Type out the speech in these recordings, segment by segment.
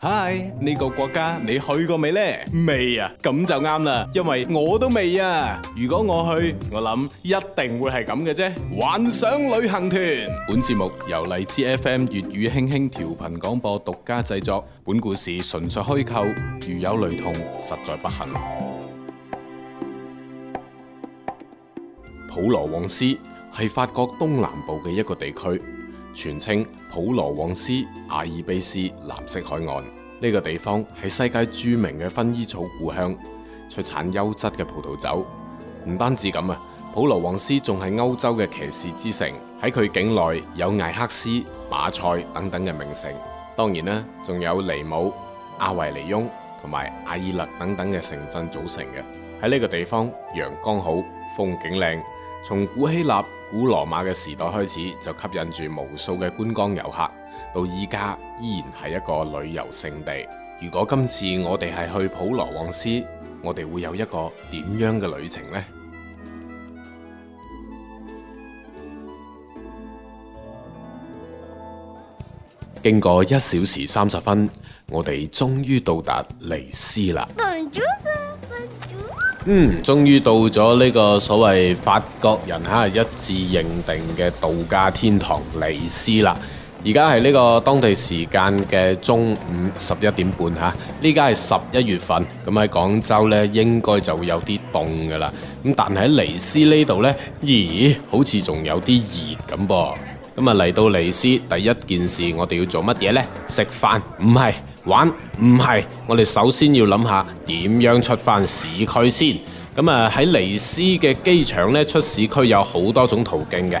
嗨，呢個國家你去過未呢？未啊，咁就啱啦，因為我都未啊。如果我去，我諗一定會係咁嘅啫。幻想旅行團，本節目由荔枝 FM 粵語輕輕調頻廣播獨家製作。本故事純屬虛構，如有雷同，實在不幸。普羅旺斯係法國東南部嘅一個地區。全稱普羅旺斯阿爾卑斯藍色海岸，呢個地方係世界著名嘅薰衣草故鄉，出產優質嘅葡萄酒。唔單止咁啊，普羅旺斯仲係歐洲嘅騎士之城。喺佢境內有艾克斯、馬賽等等嘅名城，當然啦，仲有尼姆、阿維尼翁同埋阿爾勒等等嘅城鎮組成嘅。喺呢個地方，陽光好，風景靚。從古希臘、古羅馬嘅時代開始，就吸引住無數嘅觀光遊客，到依家依然係一個旅遊勝地。如果今次我哋係去普羅旺斯，我哋會有一個點樣嘅旅程呢？ 經過一小時三十分，我哋終於到達尼斯啦！ 嗯，終於到咗呢個所謂法國人嚇一致認定嘅度假天堂尼斯啦。而家係呢個當地時間嘅中午十一點半嚇。呢家係十一月份，咁喺廣州呢應該就會有啲凍噶啦。咁但喺尼斯呢度呢，咦，好似仲有啲熱咁噃。咁啊嚟到尼斯第一件事，我哋要做乜嘢呢？食飯唔係。玩唔係，我哋首先要諗下點樣出翻市區先。咁啊喺尼斯嘅機場呢，出市區有好多種途徑嘅。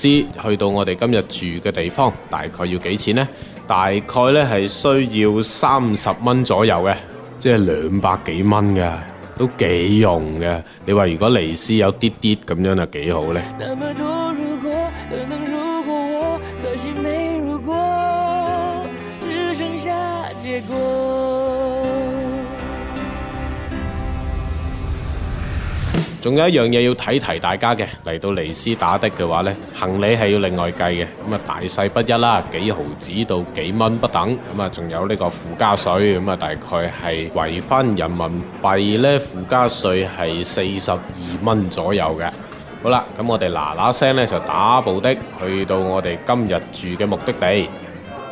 去到我哋今日住嘅地方，大概要幾錢呢？大概咧係需要三十蚊左右嘅，即係兩百幾蚊噶，都幾用嘅。你話如果尼斯有啲啲咁樣，就幾好呢。仲有一樣嘢要提提大家嘅，嚟到尼斯打的嘅話呢，行李係要另外計嘅。咁啊，大細不一啦，幾毫子到幾蚊不等。咁啊，仲有呢個附加稅。咁啊，大概係圍翻人民幣呢，附加稅係四十二蚊左右嘅。好啦，咁我哋嗱嗱聲呢就打部的去到我哋今日住嘅目的地。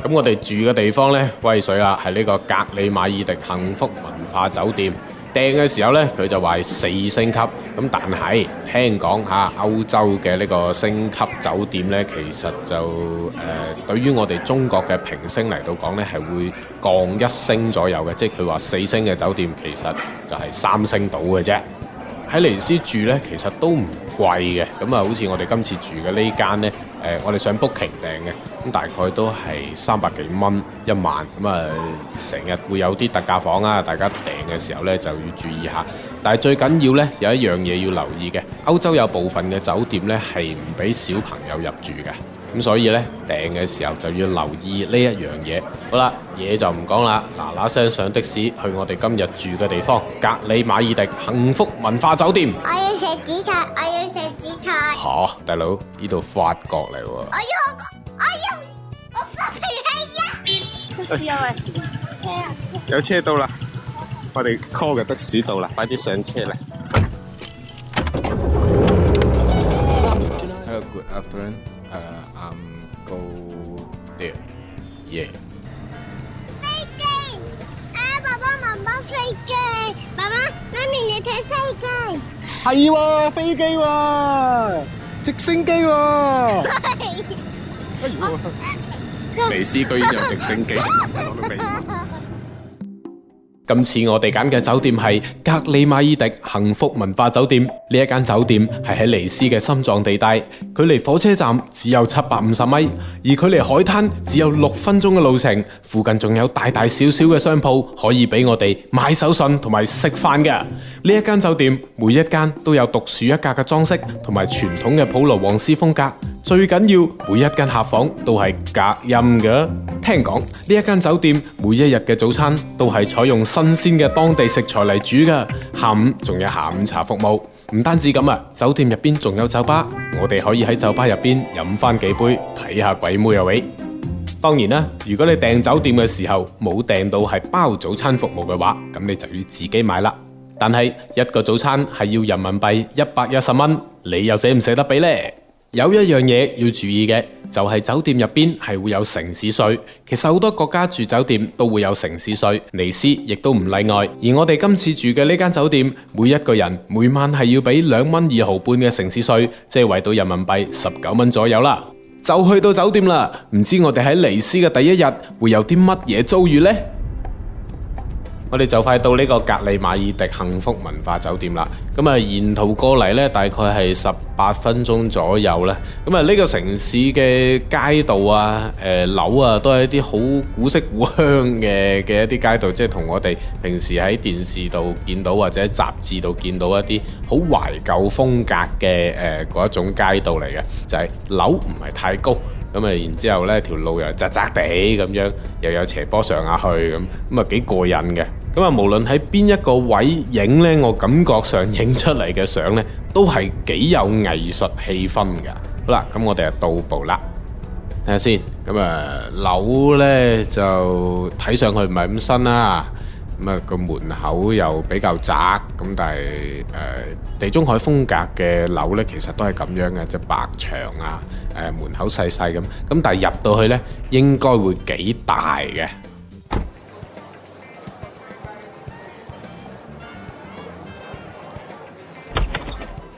咁我哋住嘅地方呢，威水啦，係呢個格里馬爾迪幸福文化酒店。訂嘅時候呢，佢就話係四星級，咁但係聽講吓、啊、歐洲嘅呢個星級酒店呢，其實就誒、呃、對於我哋中國嘅評星嚟到講呢，係會降一星左右嘅，即係佢話四星嘅酒店其實就係三星到嘅啫。喺尼斯住呢，其實都唔貴嘅，咁啊，好似我哋今次住嘅呢間呢。我哋上 booking 訂嘅，咁大概都係三百幾蚊一晚，咁啊，成日會有啲特價房啊，大家訂嘅時候呢就要注意下。但係最緊要呢，有一樣嘢要留意嘅，歐洲有部分嘅酒店呢係唔俾小朋友入住嘅，咁所以呢，訂嘅時候就要留意呢一樣嘢。好啦，嘢就唔講啦，嗱嗱聲上的士去我哋今日住嘅地方——格里馬爾迪幸福文化酒店。食紫菜，我要食紫菜。吓，大佬，呢度法國嚟喎。我要，我要，我發脾氣呀！有車，有車到啦，我哋 call 嘅的士到啦，快啲上車啦。Hello, good afternoon. Uh, I'm going there. Yeah. 飛機，啊，爸爸、媽媽，飛機，爸爸、媽咪，你睇飛機。係喎、 啊，飛機喎、啊，直升機喎、啊， 哎唷，尼斯居然有直升機。今次我哋揀嘅酒店係格里馬爾迪幸福文化酒店，呢一間酒店係喺尼斯嘅心臟地帶，距離火車站只有七百五十米，而距離海灘只有六分鐘嘅路程。附近仲有大大小小嘅商鋪，可以俾我哋買手信同埋食飯嘅。呢一間酒店每一間都有獨樹一格嘅裝飾，同埋傳統嘅普羅旺斯風格。最緊要，每一間客房都係隔音嘅。聽講呢一間酒店每一日嘅早餐都係採用新鮮嘅當地食材嚟煮噶，下午仲有下午茶服務。唔單止咁啊，酒店入邊仲有酒吧，我哋可以喺酒吧入邊飲翻幾杯，睇下鬼妹啊喂！當然啦，如果你訂酒店嘅時候冇訂到係包早餐服務嘅話，咁你就要自己買啦。但係一個早餐係要人民幣一百一十蚊，你又捨唔捨得俾呢？有一樣嘢要注意嘅，就係酒店入邊係會有城市稅。其實好多國家住酒店都會有城市稅，尼斯亦都唔例外。而我哋今次住嘅呢間酒店，每一個人每晚係要俾兩蚊二毫半嘅城市稅，即係圍到人民幣十九蚊左右啦。就去到酒店啦，唔知我哋喺尼斯嘅第一日會有啲乜嘢遭遇呢？我哋就快到呢個格里馬爾迪幸福文化酒店啦。咁、嗯、啊，沿途過嚟呢，大概係十八分鐘左右啦。咁、嗯、啊，呢、這個城市嘅街道啊、誒、呃、樓啊，都係一啲好古色古香嘅嘅一啲街道，即係同我哋平時喺電視度見到或者雜誌度見到一啲好懷舊風格嘅誒嗰一種街道嚟嘅，就係樓唔係太高，咁啊，然之後呢條路又窄窄地咁樣，又有斜坡上下去咁，咁啊幾過癮嘅。咁啊，無論喺邊一個位影呢，我感覺上影出嚟嘅相呢，都係幾有藝術氣氛噶。好啦，咁我哋就到步啦，睇下先。咁啊，樓呢就睇上去唔係咁新啦。咁啊，個門口又比較窄。咁但係誒，地中海風格嘅樓呢，其實都係咁樣嘅，即係白牆啊，誒，門口細細咁。咁但係入到去呢，應該會幾大嘅。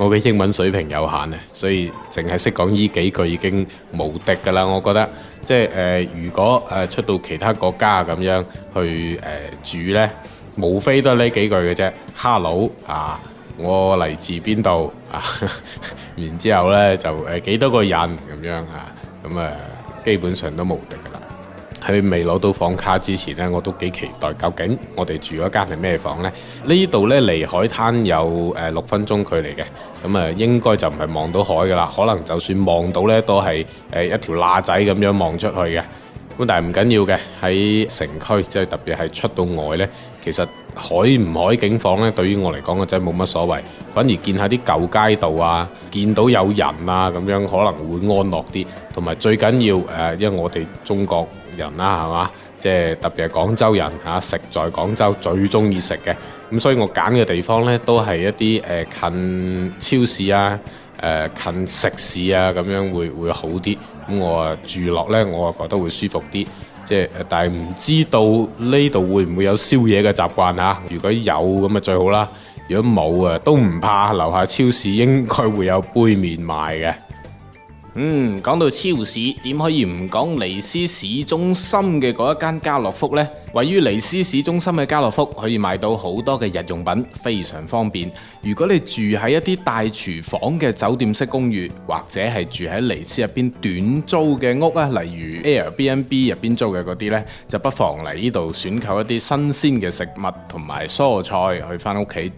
我嘅英文水平有限啊，所以淨係識講呢幾句已經無敵㗎啦！我覺得即係誒、呃，如果誒出到其他國家咁樣去誒、呃、住呢，無非都係呢幾句嘅啫。Hello 啊，我嚟自邊度啊？ 然之後呢，就誒、呃、幾多個人咁樣啊？咁啊，基本上都無敵㗎啦。佢未攞到房卡之前呢，我都幾期待。究竟我哋住嗰間係咩房咧？呢度呢，離海灘有誒六分鐘距離嘅，咁啊應該就唔係望到海㗎喇。可能就算望到呢，都係誒一條罅仔咁樣望出去嘅。咁但係唔緊要嘅，喺城區即係、就是、特別係出到外呢，其實海唔海景房呢，對於我嚟講我真係冇乜所謂。反而見下啲舊街道啊，見到有人啊咁樣可能會安樂啲。同埋最緊要誒、呃，因為我哋中國人啦係嘛，即係、就是、特別係廣州人嚇、啊，食在廣州最中意食嘅。咁、嗯、所以我揀嘅地方呢，都係一啲誒、呃、近超市啊、誒、呃、近食肆啊咁樣會會好啲。咁我啊住落呢，我啊覺得會舒服啲，即係但係唔知道呢度會唔會有宵夜嘅習慣吓？如果有咁啊最好啦，如果冇啊都唔怕，樓下超市應該會有杯麵賣嘅。嗯，講到超市，點可以唔講尼斯市中心嘅嗰一間家樂福呢？位於尼斯市中心嘅家樂福可以買到好多嘅日用品，非常方便。如果你住喺一啲大廚房嘅酒店式公寓，或者係住喺尼斯入邊短租嘅屋啊，例如 Airbnb 入邊租嘅嗰啲呢，就不妨嚟呢度選購一啲新鮮嘅食物同埋蔬菜，去翻屋企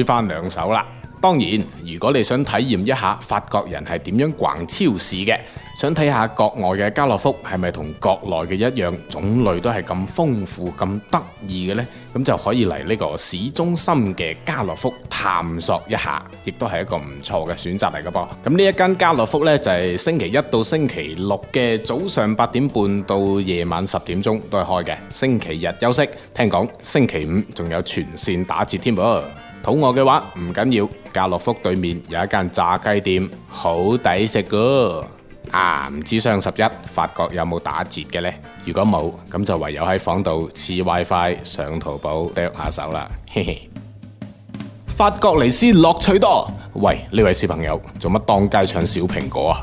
煮翻兩手啦。當然，如果你想體驗一下法國人係點樣逛超市嘅，想睇下國外嘅家樂福係咪同國內嘅一樣，種類都係咁豐富、咁得意嘅呢，咁就可以嚟呢個市中心嘅家樂福探索一下，亦都係一個唔錯嘅選擇嚟嘅噃。咁呢一間家樂福呢，就係星期一到星期六嘅早上八點半到夜晚十點鐘都係開嘅，星期日休息。聽講星期五仲有全線打折添噃。肚餓嘅話唔緊要，家樂福對面有一間炸雞店，好抵食噶。啊，唔知雙十一法國有冇打折嘅呢？如果冇，咁就唯有喺房度黐 WiFi 上淘寶剁下手啦。嘿嘿，法國尼斯樂趣多。喂，呢位小朋友，做乜當街唱《小蘋果》啊？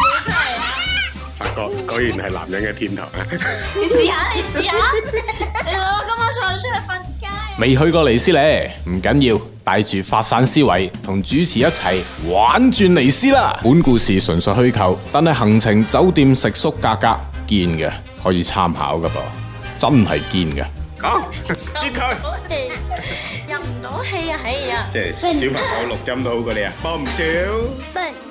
啊、果然係男人嘅天堂啊！ 你試下，你試下，你我今晚仲出去瞓街，啊。未去過尼斯咧，唔緊要，帶住發散思維，同主持一齊玩轉尼斯啦！本故事純屬虛構，但係行程、酒店、食宿價格堅嘅，可以參考噶噃，真係堅嘅。啊，接佢入唔到氣啊，哎呀，啊！即係小朋友錄音都好過你啊，幫唔少。